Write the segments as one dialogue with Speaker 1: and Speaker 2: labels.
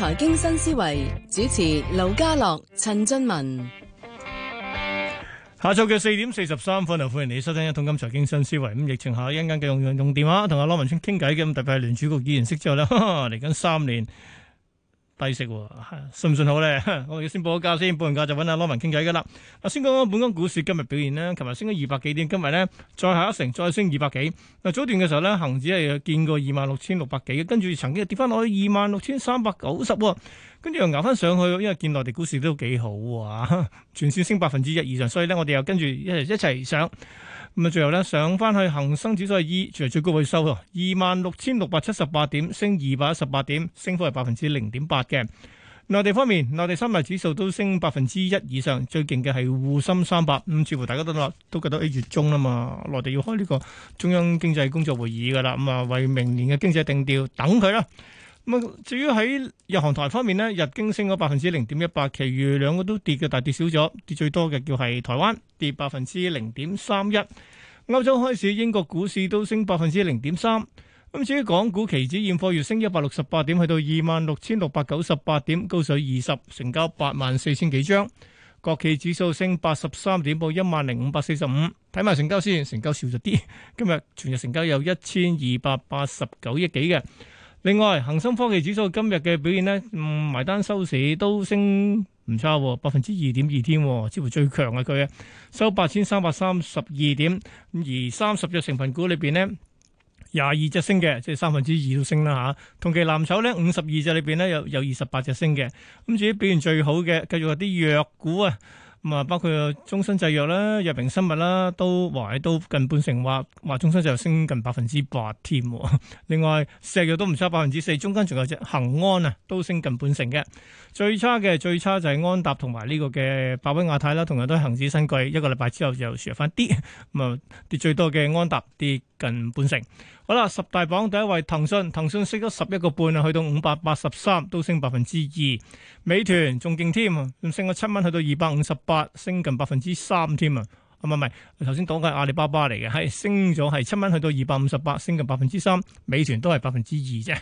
Speaker 1: 財經新思維主持劉家樂、陳俊文，下晝嘅四點四十三分，又歡迎你收聽一通金財經新思維。咁疫情下一間嘅用用電話同阿羅文春傾偈嘅，咁特別係聯儲局議息之後咧，嚟緊三年。低息喎、啊，信唔信好咧？我哋要先報個價先，報完價就揾阿羅文傾偈噶啦。啊，先講講本港股市今日表現啦。琴日升咗二百幾點，今日咧，再下一城，再升二百幾。嗱，早段嘅時候咧，恒指係見過二萬六千六百幾嘅，跟住曾經跌翻落去二萬六千三百九十，跟住又咬翻上去，因為見內地股市都幾好、啊，全線升百分之一以上，所以咧我哋又跟住一齊上。咁啊，最後咧上翻去恒生指數係二，就最高會收二萬六千六百七十八點，升二百一十八點，升幅係百分之零點八嘅。內地方面，內地三大指數都升百分之一以上，最勁嘅係滬深三百。咁、嗯、似乎大家都諗，都覺得，一月中啦嘛。內地要開呢個中央經濟工作會議噶啦，咁、嗯、啊為明年嘅經濟定調，等佢啦。至於喺日韓台方面咧，日經升咗百分之零點一八，其餘兩個都跌嘅，但跌少咗，跌最多嘅叫係台灣，跌百分之零點三一。歐洲開市，英國股市都升百分之零點三。咁至於港股期指現貨，要升一百六十八點，去到二萬六千六百九十八點，高水二十，成交八萬四千幾張。國企指數升八十三點，到一萬零五百四十五。睇埋成交先，成交少咗啲。今日全日成交有一千二百八十九億幾嘅。.另外，恒生科技指數今日嘅表現咧、嗯，埋單收市都升唔差，哦，百分之二點二添，似乎最強嘅佢啊，收八千三百三十二點。咁而三十隻成分股裏邊咧，廿二隻升嘅，即係三分之二都升啦吓，啊。同期藍籌咧，五十二隻裏邊咧，有有二十八隻升嘅。咁、嗯、至於表現最好嘅，繼續係啲弱股啊。咁啊，包括中生製藥啦、藥明生物啦，都話都近半成，話話中生製藥升近百分之八添。另外石藥都唔差百分之四，中間仲有隻恒安啊，都升近半成嘅。最差嘅最差就係安踏同埋呢個嘅百威亞太啦，同樣都係恒指新貴，一個禮拜之後就蝕返啲，咁啊，跌最多嘅安踏跌近半成。好啦，十大榜第一位騰訊，騰訊升咗十一個半啊，去到五百八十三，都升百分之二。美團仲勁添，仲升咗七蚊，去到二百五十八，升近百分之三添啊！唔係唔係，頭先講緊阿里巴巴嚟嘅，係升咗係七蚊，去到二百五十八，升近百分之三。美團都係百分之二啫，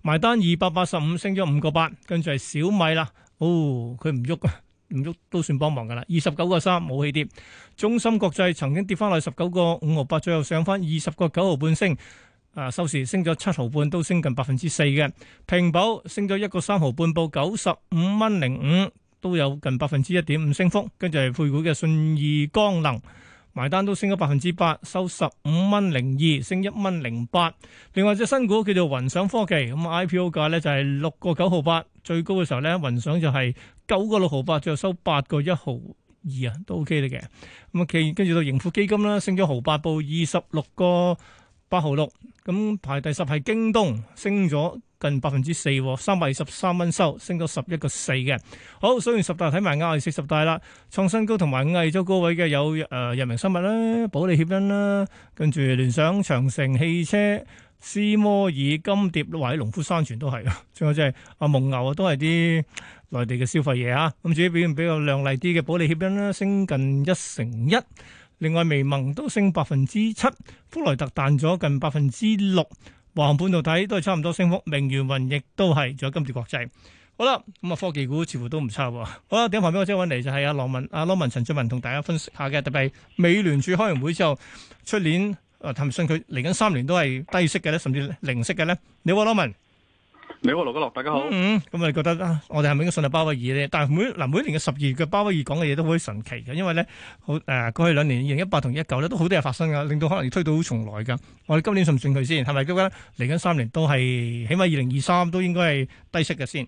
Speaker 1: 埋單二百八十五，升咗五個八。跟住係小米啦，哦，佢唔喐啊，唔喐都算幫忙噶啦，二十九個三冇起跌。中芯國際曾經跌翻落十九個五毫八，最後上翻二十個九毫半升。啊，收市升咗七毫半，都升近百分之四嘅。平保升咗一個三毫半，報九十五蚊零五，都有近百分之一點五升幅。跟住係配股嘅信義光能，埋單都升咗百分之八，收十五蚊零二，升一蚊零八。另外隻新股叫做雲想科技，咁 IPO 價咧就係六個九毫八，最高嘅時候咧雲想就係九個六毫八，最後收八個一毫二啊，都 OK 嘅。咁啊，跟住到盈富基金啦，升咗毫八，報二十六個。八號六，咁排第十係京東，升咗近百分之四，三百二十三蚊收，升咗十一個四嘅。好，所以十大睇埋亞市十大啦，創新高同埋亞洲高位嘅有誒人民生物啦、保利協鑫啦，跟住聯想、長城汽車、斯摩爾、金蝶，或者農夫山泉都係、就是、啊，仲有即係阿蒙牛啊，都係啲內地嘅消費嘢啊。咁至於表現比較靚麗啲嘅保利協鑫啦，升近一成一。另外，微盟都升百分之七，福萊特彈咗近百分之六，華虹半導體都係差唔多升幅，明源雲亦都係，仲有金地國際。好啦，咁啊科技股似乎都唔差。好啦，頂頭邊我即刻搵嚟就係阿羅文、阿、啊、羅文、陳俊文同大家分析下嘅，特別係美聯儲開完會之後，出年誒，坦、呃、白信佢嚟緊三年都係低息嘅咧，甚至零息嘅咧，你好，羅文？你好，羅家樂，大家好。嗯咁啊，你覺得咧，我哋係咪應該信任鮑威爾咧？但係每嗱每年嘅十二月嘅鮑威爾講嘅嘢都好神奇嘅，因為咧，好誒、啊，過去兩年二零一八同一九咧，都好多嘢發生噶，令到可能要推倒重來噶。我哋今年信唔信佢先？係咪？而家嚟緊三年都係起碼二零二三都應該係低息嘅先。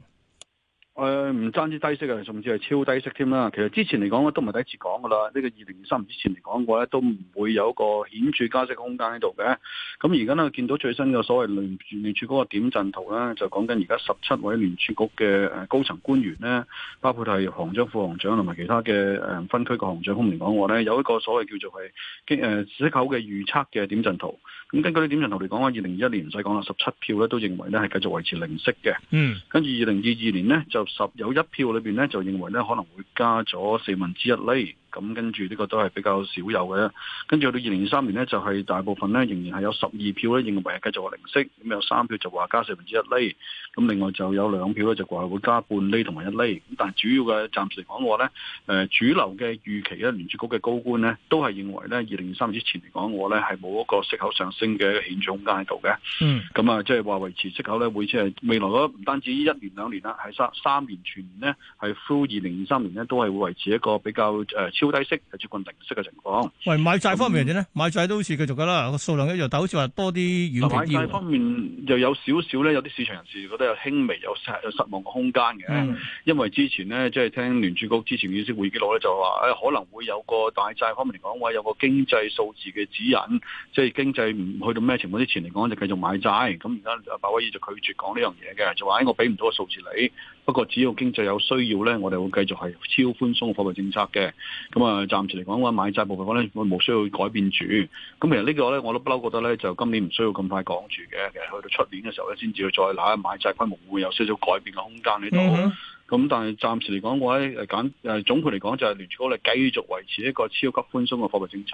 Speaker 2: 誒唔爭之低息嘅，甚至係超低息添啦。其實之前嚟講咧，都唔係第一次講噶啦。呢、呢個二零二三年之前嚟講過咧，都唔會有一個顯著加息空間喺度嘅。咁而家咧，見到最新嘅所謂聯聯儲嗰個點陣圖啦，就講緊而家十七位聯儲局嘅誒高層官員咧，包括係行，行長、副行長同埋其他嘅誒分區嘅行長，方面講話咧，有一個所謂叫做係經誒息口嘅預測嘅點陣圖。根據啲點陣圖嚟講啊，二零二一年唔使講啦，十七票咧都認為咧係繼續維持零息嘅。嗯，跟住二零二二年咧就十有一票裏邊咧就認為咧可能會加咗四分之一厘。咁跟住呢個都係比較少有嘅。跟住去到二零二三年呢，就係、是、大部分呢，仍然係有十二票呢，認為繼續話零息，咁有三票就話加四分之一厘，咁另外就有兩票呢，就話會加半厘同埋一厘。但係主要嘅暫時嚟講話呢，誒、呃、主流嘅預期呢，聯儲局嘅高官呢，都係認為呢，二零二三年之前嚟講，我呢，係冇一個息口上升嘅顯象空間喺度嘅。嗯。咁啊，即係話維持息口呢，會即係未來嗰唔單止一年兩年啦，喺三三年全年呢，係 full 二零二三年呢，都係會維持一個比較誒。呃呃超低息係接近零息嘅情況。
Speaker 1: 喂，買債方面點咧？買、嗯、債都好似繼續㗎啦，個數量一樣但好似話多啲遠期。買債方
Speaker 2: 面又有少少咧，有啲市場人士覺得有輕微有失有失望嘅空間嘅。嗯、因為之前咧，即、就、係、是、聽聯儲局之前嘅會議紀錄咧，就話誒、哎、可能會有個大債方面嚟講，會有個經濟數字嘅指引，即、就、係、是、經濟唔去到咩情況之前嚟講就繼續買債。咁而家鮑威爾就拒絕講呢樣嘢嘅，就話我俾唔到個數字你。不過只要經濟有需要咧，我哋會繼續係超寬鬆貨幣政策嘅。咁啊，暫時嚟講嘅買債部分，我咧我冇需要改變住。咁其實呢個咧，我都不嬲覺得咧，就今年唔需要咁快講住嘅。其實去到出年嘅時候咧，先至去再睇買債規模會有少少改變嘅空間喺度。咁但係暫時嚟講，我喺誒簡誒總括嚟講，就係聯儲局咧繼續維持一個超級寬鬆嘅貨幣政策。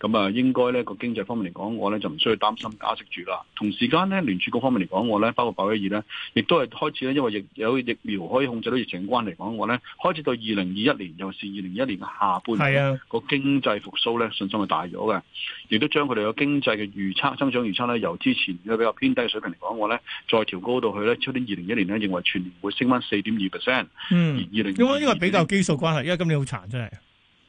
Speaker 2: 咁啊，應該咧個經濟方面嚟講，我咧就唔需要擔心加息住啦。同時間咧，聯儲局方面嚟講，我咧包括鮑威爾咧，亦都係開始咧，因為疫有疫苗可以控制到疫情關係嚟講，我咧開始到二零二一年，又是二零二一年嘅下半，係啊，個經濟復甦咧信心係大咗嘅，亦都將佢哋嘅經濟嘅預測增長預測咧，由之前嘅比較偏低嘅水平嚟講，我咧再調高到去咧，出年二零二一年咧，認為全年會升返四點二%。
Speaker 1: 嗯，
Speaker 2: 因為而 2020, 因為比較
Speaker 1: 基數關係，因為今年好殘真係，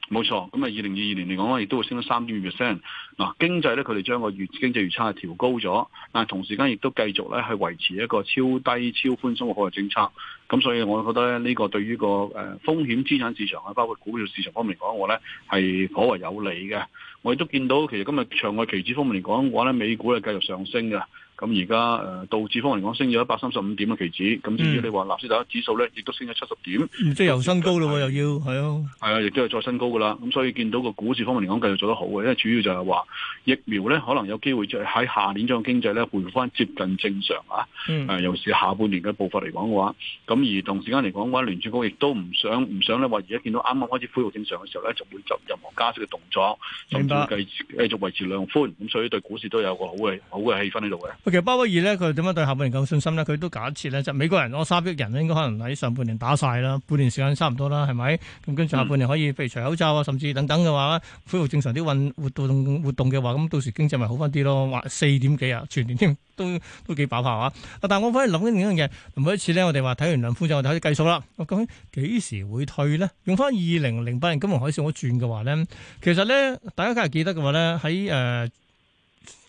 Speaker 2: 冇錯，咁啊，二零二二年嚟講咧，亦都會升得三點 percent 嗱，經濟咧，佢哋將個預經濟預測係調高咗，但係同時間亦都繼續咧係維持一個超低超寬鬆嘅貨幣政策，咁所以我覺得呢、這個對於個誒、呃、風險資產市場啊，包括股票市場方面嚟講我咧係頗為有利嘅，我亦都見到其實今日長外期指方面嚟講嘅話咧，美股咧繼續上升嘅。咁而家誒，道指方面嚟講，升咗一百三十五點嘅期指。咁、嗯、至於你話納斯達克指數咧，亦都升咗七十點。嗯、
Speaker 1: 即係又升高咯，又要係
Speaker 2: 啊，係啊、嗯，亦都係再升高噶啦。咁所以見到個股市方面嚟講，繼續做得好嘅，因為主要就係話疫苗咧，可能有機會再喺下年將個經濟咧回復翻接近正常啊。嗯、呃。尤其是下半年嘅步伐嚟講嘅話，咁而同時間嚟講嘅話，聯儲局亦都唔想唔想咧話，而家見到啱啱開始恢復正常嘅時候咧，就會作任何加息嘅動作，咁繼續繼續維持量寬。咁所以對股市都有個好嘅好嘅氣氛喺度嘅。
Speaker 1: 其實鮑威爾咧，佢點樣對下半年夠信心呢？佢都假設咧，就美國人嗰三億人咧，應該可能喺上半年打晒啦，半年時間差唔多啦，係咪？咁跟住下半年可以譬如除口罩啊，甚至等等嘅話，恢復正常啲運動活動活動嘅話，咁到時經濟咪好翻啲咯？話四點幾啊，全年添都都幾爆爆啊，但係我反而諗緊另一樣嘢，每一次呢，我哋話睇完兩副就開始計數啦。咁講幾時會退呢？用翻二零零八年金融海嘯我轉嘅話呢，其實呢，大家梗係記得嘅話呢，喺誒。呃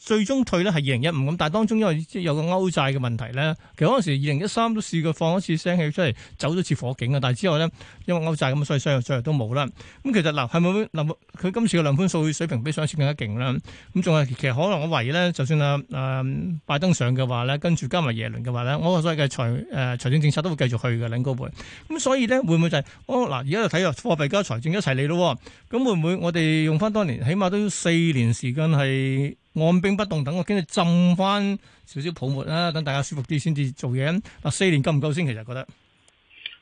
Speaker 1: 最終退呢係二零一五咁，但係當中因為有個歐債嘅問題呢，其實嗰陣時二零一三都試過放一次聲氣出嚟，走咗次火警啊！但係之後呢，因為歐債咁，所以所嚟再嚟都冇啦。咁其實嗱，係咪嗱佢今次嘅量盤數字水平比上一次更加勁啦？咁仲係其實可能我懷疑呢，就算啊啊、嗯、拜登上嘅話呢，跟住加埋耶倫嘅話呢，我所謂嘅財誒、呃、財政政策都會繼續去嘅，領高盤。咁所以呢，會唔會就係、是、哦，嗱？而家就睇啊，貨幣加財政一齊嚟咯。咁會唔會我哋用翻當年起碼都四年時間係？按兵不動，等我跟住浸翻少少泡沫啦，等大家舒服啲先至做嘢。嗱，四年夠唔夠先？其實覺得，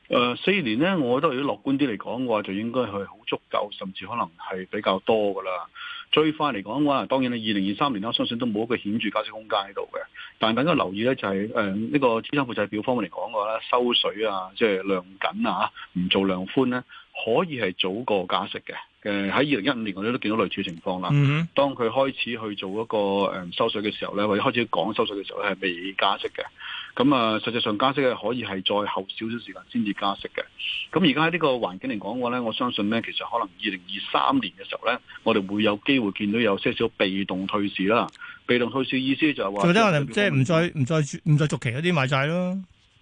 Speaker 2: 誒四年咧，我覺得如果樂觀啲嚟講嘅話，就應該係好足夠，甚至可能係比較多噶啦。最快嚟講嘅話，當然啦，二零二三年啦，相信都冇一個顯著加息空間喺度嘅。但係更加留意咧，就係誒呢個資產負債表方面嚟講嘅話咧，收水啊，即係量緊啊，唔做量寬咧。可以係早過加息嘅，誒喺二零一五年我哋都見到類似情況啦。Mm hmm. 當佢開始去做一個誒收水嘅時候咧，或者開始講收水嘅時候咧，係未加息嘅。咁、嗯、啊，實際上加息嘅可以係再後少少時間先至加息嘅。咁而家喺呢個環境嚟講嘅話咧，我相信咧，其實可能二零二三年嘅時候咧，我哋會有機會見到有些少被動退市啦。被動退市意思就係話，即係唔
Speaker 1: 再唔再唔再，再續期嗰啲買債咯。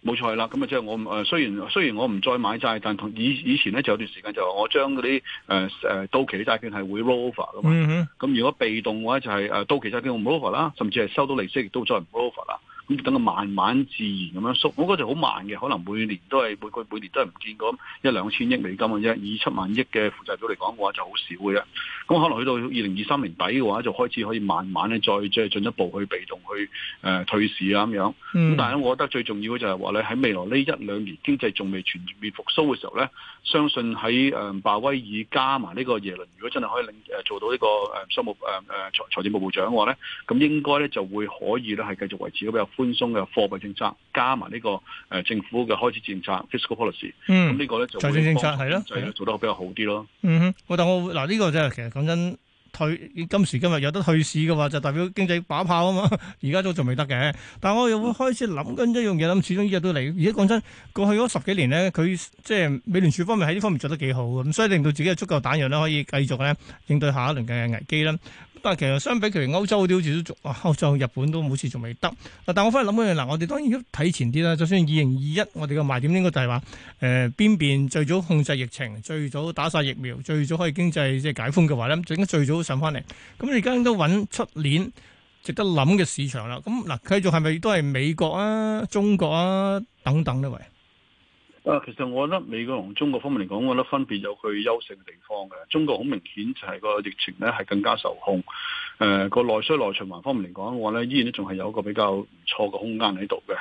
Speaker 1: 冇
Speaker 2: 錯啦，咁啊即係我誒雖然雖然我唔再買債，但同以以前咧就有段時間就話我將嗰啲誒誒到期嘅債券係會 roll over 噶嘛，咁、mm hmm. 如果被動嘅話就係、是、誒到期債券我唔 roll over 啦，甚至係收到利息亦都再唔 roll over 啦。咁等佢慢慢自然咁樣縮，我覺得好慢嘅，可能每年都係每個每年都係唔見咁一兩千億美金嘅啫。以七萬億嘅負債表嚟講嘅話，就好少嘅啫。咁可能去到二零二三年底嘅話，就開始可以慢慢咧再即係進一步去被動去誒退市啊咁樣。咁、嗯、但係我覺得最重要嘅就係話咧，喺未來呢一兩年經濟仲未全面復甦嘅時候咧，相信喺誒鮑威爾加埋呢個耶倫，如果真係可以令誒做到呢個誒商務誒誒財財政部部長嘅話咧，咁應該咧就會可以咧係繼續維持比較寬鬆嘅貨幣政策，加埋呢個誒政府嘅開始政策 fiscal policy，咁呢個咧財政政策係咯，就係做得比較好啲咯。嗯哼，
Speaker 1: 但我當我嗱呢個真係其實講真，退今時今日有得退市嘅話，就代表經濟把炮啊嘛。而家都仲未得嘅，但係我又會開始諗緊一樣嘢諗，始終依日都嚟。而家講真，過去咗十幾年咧，佢即係美聯儲方面喺呢方面做得幾好，咁所以令到自己嘅足夠彈藥咧，可以繼續咧應對下一輪嘅危機啦。但係其實相比，譬如歐洲啲好似都仲啊，歐洲日本都好似仲未得。但我翻去諗起，嗱，我哋當然都睇前啲啦。就算二零二一，我哋嘅賣點應該就係話，誒、呃、邊邊最早控制疫情，最早打晒疫苗，最早可以經濟即係解封嘅話咧，咁整得最早上翻嚟。咁你而家應該揾出年值得諗嘅市場啦。咁嗱，繼續係咪都係美國啊、中國啊等等呢位？
Speaker 2: 啊，其實我覺得美國同中國方面嚟講，我覺得分別有佢優勝嘅地方嘅。中國好明顯就係個疫情咧係更加受控，誒、呃、個內需內循環方面嚟講嘅話咧，依然都仲係有一個比較唔錯嘅空間喺度嘅。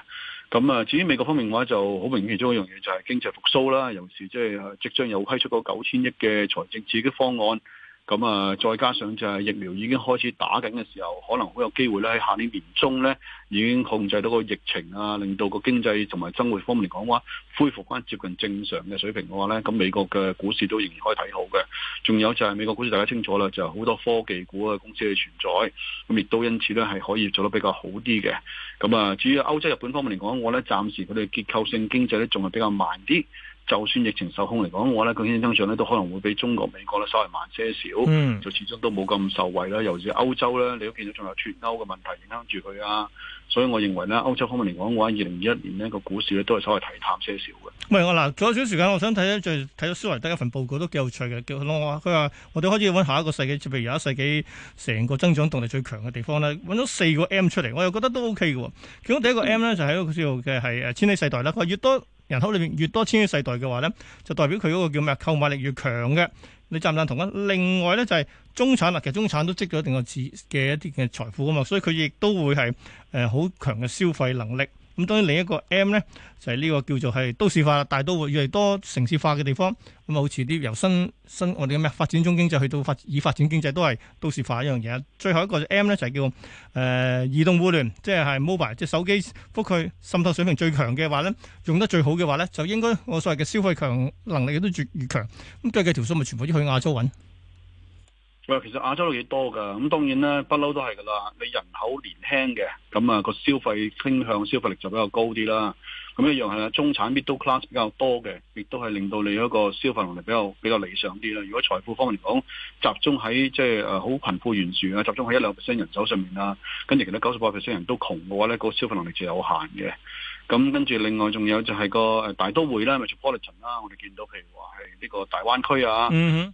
Speaker 2: 咁、嗯、啊，至於美國方面嘅話，就好明顯，其中一樣嘢就係經濟復甦啦，尤其是即係即，即，即，即將又推出個九千億嘅財政刺激方案。咁啊，再加上就係疫苗已經開始打緊嘅時候，可能好有機會喺下年年中咧已經控制到個疫情啊，令到個經濟同埋生活方面嚟講話恢復翻接近正常嘅水平嘅話咧，咁美國嘅股市都仍然可以睇好嘅。仲有就係美國股市，大家清楚啦，就係好多科技股嘅公司嘅存在，咁亦都因此咧係可以做得比較好啲嘅。咁啊，至於歐洲、日本方面嚟講，我咧暫時佢哋結構性經濟咧仲係比較慢啲。就算疫情受控嚟講，我咧個經濟增長咧都可能會比中國、美國咧稍微慢些少，嗯、就始終都冇咁受惠啦。尤其是歐洲咧，你都見到仲有脫歐嘅問題影響住佢啊。所以我認為咧，歐洲方面嚟講我話，二零二一年呢個股市咧都係稍為睇淡些少嘅。
Speaker 1: 唔係我嗱，仲有少時間，我想睇一最睇到蘇維德一份報告都幾有趣嘅，叫佢話佢話我哋開始揾下一個世紀，譬如而一世紀成個增長動力最強嘅地方咧，揾咗四個 M 出嚟，我又覺得都 OK 嘅。其中第一個 M 咧就喺嗰個叫做嘅係誒千禧世代啦，佢話越多。人口裏面越多千禧世代嘅話咧，就代表佢嗰個叫咩啊？購買力越強嘅，你贊唔贊同啊？另外咧就係中產啊，其實中產都積咗一定嘅資嘅一啲嘅財富啊嘛，所以佢亦都會係誒好強嘅消費能力。咁當然另一個 M 咧就係、是、呢個叫做係都市化大都會越嚟多城市化嘅地方，咁啊好似啲由新新我哋嘅咩發展中經濟去到發以發展經濟都係都市化一樣嘢。最後一個 M 咧就係、是、叫誒、呃、移動互聯，即係係 mobile，即係手機覆蓋滲透水平最強嘅話咧，用得最好嘅話咧，就應該我所謂嘅消費強能力都越越強。咁最近條數咪全部都要去亞洲搵。
Speaker 2: 其實亞洲都幾多㗎。咁當然啦，不嬲都係㗎啦。你人口年輕嘅，咁啊個消費傾向、消費力就比較高啲啦。咁一樣係啦，中產 middle class 比較多嘅，亦都係令到你一個消費能力比較比較理想啲啦。如果財富方面嚟講，集中喺即係誒好貧富懸殊啊，集中喺一兩 percent 人手上面啊，跟住其他九十八 percent 人都窮嘅話咧，個消費能力就有限嘅。咁跟住，嗯、另外仲有就係個誒大都會啦 Metropolitan 啦，我哋見到譬如話係呢個大灣區啊，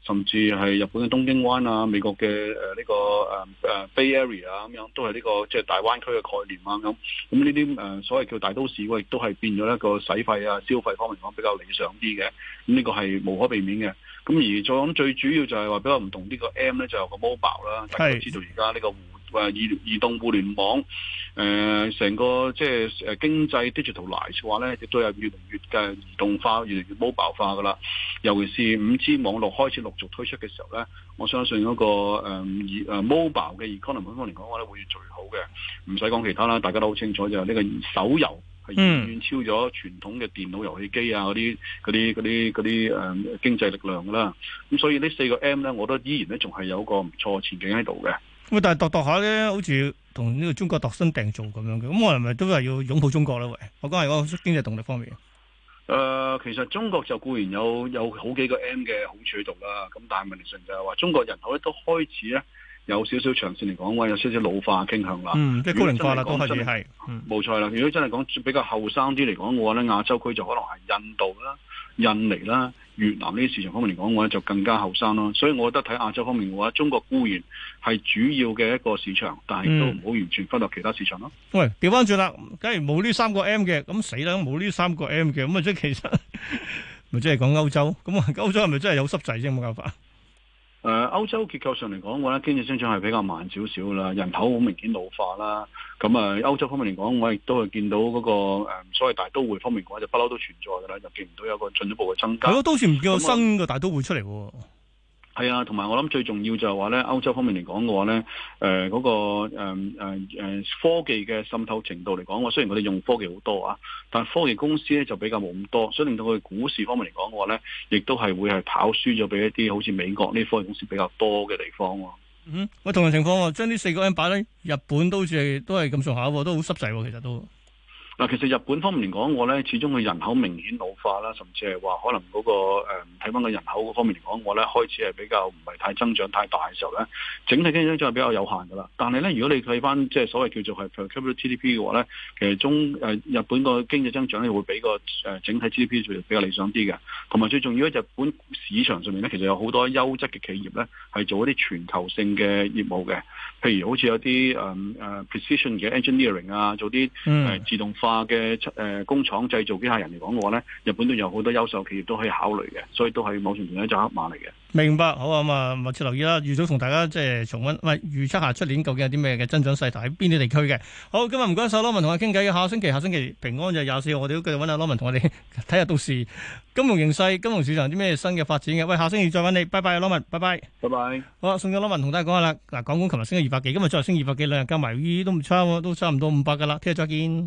Speaker 2: 甚至係日本嘅東京灣啊，美國嘅誒呢個誒誒、呃呃、Bay Area 啊、呢個，咁樣都係呢個即係大灣區嘅概念啊咁。咁呢啲誒所謂叫大都市，亦都係變咗一個使費啊、消費方面講比較理想啲嘅。咁呢個係無可避免嘅。咁而再講最主要就係話比較唔同呢、呢個 M 咧，就有個 mobile 啦，大家都知道而家呢個。話移移動互聯網，誒、呃，成個即係誒經濟 digitalize 嘅話咧，亦都係越嚟越嘅移動化，越嚟越 mobile 化噶啦。尤其是五 G 網絡開始陸續推出嘅時候咧，我相信嗰個誒誒、呃、mobile 嘅 economy 方方面嚟講咧，會越做越好嘅。唔使講其他啦，大家都好清楚就係呢個手遊係遠遠超咗傳統嘅電腦遊戲機啊嗰啲嗰啲嗰啲嗰啲誒經濟力量噶啦。咁、嗯、所以呢四個 M 咧，我都依然咧仲係有個唔錯嘅前景喺度嘅。
Speaker 1: 喂，但係度度下咧，好似同呢個中國度身定做咁樣嘅，咁我係咪都係要擁抱中國咧？喂，我講係講經濟動力方面。
Speaker 2: 誒、呃，其實中國就固然有有好幾個 M 嘅好處喺度啦，咁但係問題上就係、係、話，中國人口咧都開始咧有少少長線嚟講，話有少少老化傾向啦。即係、嗯、高齡化啦，都開始係。冇錯啦，如果真係講比較後生啲嚟講，嘅話咧亞洲區就可能係印度啦。印尼啦、越南呢啲市場方面嚟講，我呢就更加後生咯。所以，我覺得睇亞洲方面嘅話，中國固然係主要嘅一個市場，但係都唔好完全忽略其他市場咯。嗯、
Speaker 1: 喂，調翻轉啦，假如冇呢三個 M 嘅，咁死啦！冇呢三個 M 嘅，咁啊即係其實咪即係講歐洲？咁、那個、歐洲係咪真係有濕滯先？冇搞法？
Speaker 2: 誒、呃、歐洲結構上嚟講，我覺得經濟增長係比較慢少少啦，人口好明顯老化啦。咁誒、呃、歐洲方面嚟講，我亦都係見到嗰、那個、呃、所謂大都會方面嘅話，就不嬲都存在㗎啦，就見唔到
Speaker 1: 有個進一步嘅增加。如果都算唔見有新嘅大都會出嚟喎。嗯
Speaker 2: 係啊，同埋我諗最重要就係話咧，歐洲方面嚟講嘅話咧，誒、呃、嗰、那個誒誒誒科技嘅滲透程度嚟講，我雖然我哋用科技好多啊，但科技公司咧就比較冇咁多，所以令到佢股市方面嚟講嘅話咧，亦都係會係跑輸咗俾一啲好似美國呢科技公司比較多嘅地方。嗯，
Speaker 1: 喂、哎，同樣情況喎，將呢四個 M 擺咧，日本都似係都係咁上下，都好濕滯，其實都。
Speaker 2: 嗱，其實日本方面嚟講我咧，始終個人口明顯老化啦，甚至係話可能嗰個、誒睇翻個人口嗰方面嚟講，我咧開始係比較唔係太增長太大嘅時候咧，整體經濟增長係比較有限噶啦。但係咧，如果你睇翻即係所謂叫做係 per capita GDP 嘅話咧，其實中誒、呃、日本個經濟增長咧會比個誒、呃、整體 GDP 比較理想啲嘅。同埋最重要咧，日本市場上面咧其實有好多優質嘅企業咧，係做一啲全球性嘅業務嘅。譬如好似有啲誒誒 precision 嘅 engineering 啊，做啲誒、uh, 自動化嘅誒、uh, 工廠製造機械人嚟講嘅話咧，日本都有好多優秀企業都可以考慮嘅，所以都係某程度上一隻黑馬嚟嘅。
Speaker 1: 明白，好啊，咁啊，密切留意啦。預早同大家即係重溫喂，預測下出年究竟有啲咩嘅增長勢頭喺邊啲地區嘅，好。今日唔該晒。俊文同我傾偈嘅，下星期下星期平安就廿四號，我哋都繼續揾阿俊文同我哋睇下到時金融形勢、金融市場啲咩新嘅發展嘅。喂，下星期再揾你，拜拜，俊文，拜拜，拜拜。好啦，送咗俊文同大家聊聊講下啦。嗱，港股琴日升咗二百幾，今日再升二百幾，兩日加埋咦，都唔差，都差唔多五百噶啦。聽日再見。